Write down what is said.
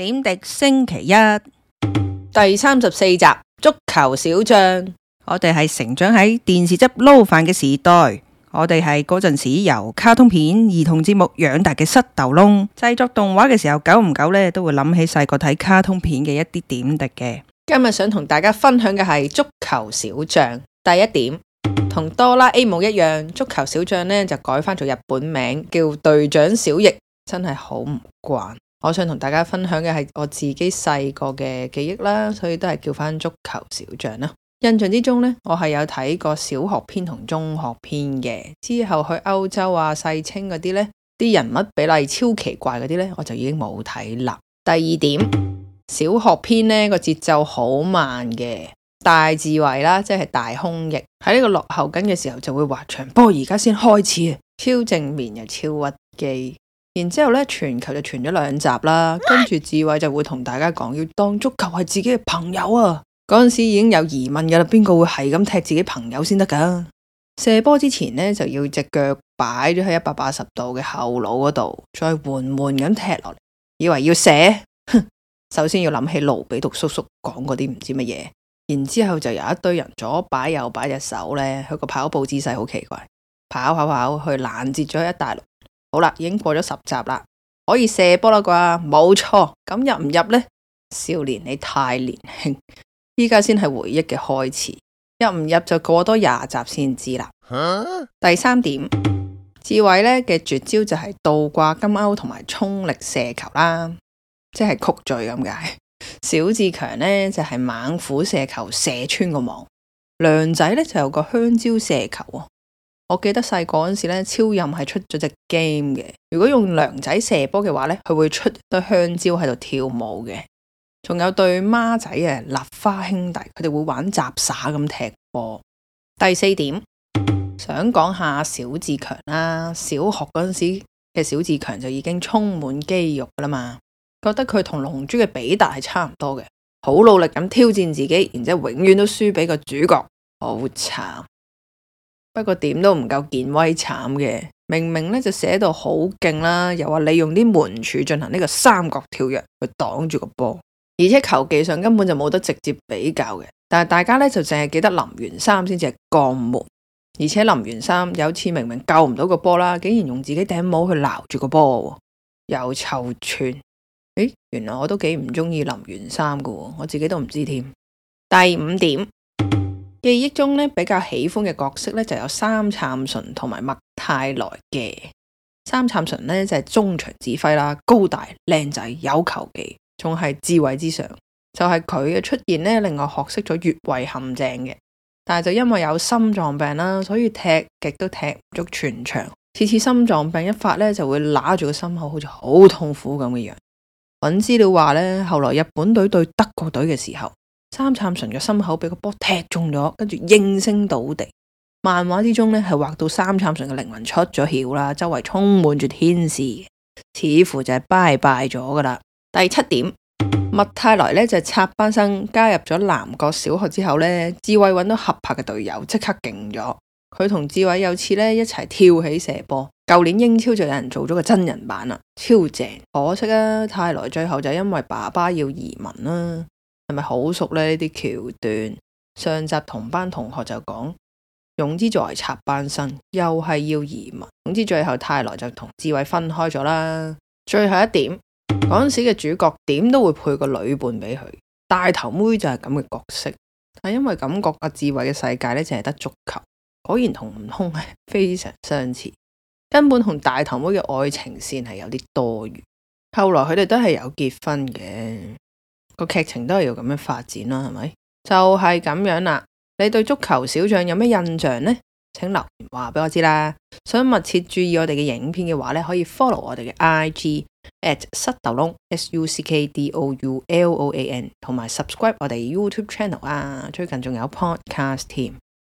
點滴星期一第三十四集足球小將，我哋係成長喺電視汁撈飯嘅時代，我哋係嗰陣時由卡通片、兒童節目養大嘅膝頭窿。製作動畫嘅時候，久唔久呢，都會諗起細個睇卡通片嘅一啲點滴嘅。今日想同大家分享嘅係足球小將。第一點，同哆啦 A 夢一樣，足球小將呢就改翻做日本名叫隊長小翼，真係好唔慣。嗯我想同大家分享嘅係我自己細個嘅記憶啦，所以都係叫翻足球小將啦。印象之中呢，我係有睇過小學篇同中學篇嘅，之後去歐洲啊、世青嗰啲呢啲人物比例超奇怪嗰啲呢，我就已經冇睇啦。第二點，小學篇呢個節奏好慢嘅，大智慧啦，即係大空翼喺呢個落後緊嘅時候就會滑翔。不過，而家先開始啊，超正面又超屈機。然之後咧，傳球就傳咗兩集啦。跟住志偉就會同大家講，要當足球係自己嘅朋友啊。嗰陣時已經有疑問噶啦，邊個會係咁踢自己朋友先得噶？射波之前呢，就要隻腳擺咗喺一百八十度嘅後腦嗰度，再緩緩咁踢落嚟，以為要射。哼，首先要諗起路比讀叔叔講嗰啲唔知乜嘢。然之後就有一堆人左擺右擺隻手呢，佢個跑步姿勢好奇怪，跑跑跑去攔截咗一大碌。好啦，已經過咗十集啦，可以射波啦啩？冇錯，咁入唔入呢？少年你太年輕，依家先係回憶嘅開始，入唔入就過多廿集先知啦。啊、第三點，志偉呢嘅絕招就係倒掛金鈎同埋衝力射球啦，即係曲序咁解。小志強呢就係、是、猛虎射球射穿個網，梁仔呢就有個香蕉射球啊。我記得細個嗰陣時咧，超任係出咗隻 game 嘅。如果用梁仔射波嘅話咧，佢會出對香蕉喺度跳舞嘅。仲有對孖仔啊，立花兄弟，佢哋會玩雜耍咁踢波。第四點想講下小志強啦。小學嗰陣時嘅小志強就已經充滿肌肉啦嘛。覺得佢同龍珠嘅比達係差唔多嘅，好努力咁挑戰自己，然之後永遠都輸俾個主角，好慘。不過點都唔夠健威慘嘅，明明咧就寫到好勁啦，又話利用啲門柱進行呢個三角跳躍去擋住個波，而且球技上根本就冇得直接比較嘅。但係大家咧就淨係記得林源三先至係降門，而且林源三有次明明救唔到個波啦，竟然用自己頂帽去撈住個波，又臭串。誒，原來我都幾唔中意林源三噶，我自己都唔知添。第五點。記憶中咧比較喜歡嘅角色咧就有三杉淳同埋麥泰來嘅三杉淳咧就係、是、中場指揮啦，高大靚仔，有球技，仲係智慧之上。就係佢嘅出現咧令我學識咗越位陷阱嘅，但係就因為有心臟病啦，所以踢極都踢唔足全場。次次心臟病一發咧就會揦住個心口，好似好痛苦咁嘅樣。揾資料話咧後來日本隊對德國隊嘅時候。三杉純嘅心口俾個波踢中咗，跟住應聲倒地。漫畫之中呢，係畫到三杉純嘅靈魂出咗竅啦，周圍充滿住天使，似乎就係拜拜咗噶啦。第七點，麥泰來呢，就係、插班生加入咗南國小學之後呢，志偉揾到合拍嘅隊友，即刻勁咗。佢同志偉有次呢，一齊跳起射波，舊年英超就有人做咗個真人版啦，超正。可惜啊，泰來最後就因為爸爸要移民啦、啊。係咪好熟咧？呢啲橋段，上集同班同學就講，總之作為插班生，又係要移民。總之最後泰來就同志偉分開咗啦。最後一點，嗰陣時嘅主角點都會配個女伴俾佢，大頭妹就係咁嘅角色。但因為感覺阿志偉嘅世界呢，淨係得足球，果然同悟空係非常相似，根本同大頭妹嘅愛情線係有啲多餘。後來佢哋都係有結婚嘅。個劇情都係要咁樣發展啦，係咪？就係、是、咁樣啦。你對足球小將有咩印象呢？請留言話俾我知啦。想密切注意我哋嘅影片嘅話咧，可以 follow 我哋嘅 IG at 塞豆窿 s u c k d o u l o a n，同埋 subscribe 我哋 YouTube channel 啊。最近仲有 podcast 添。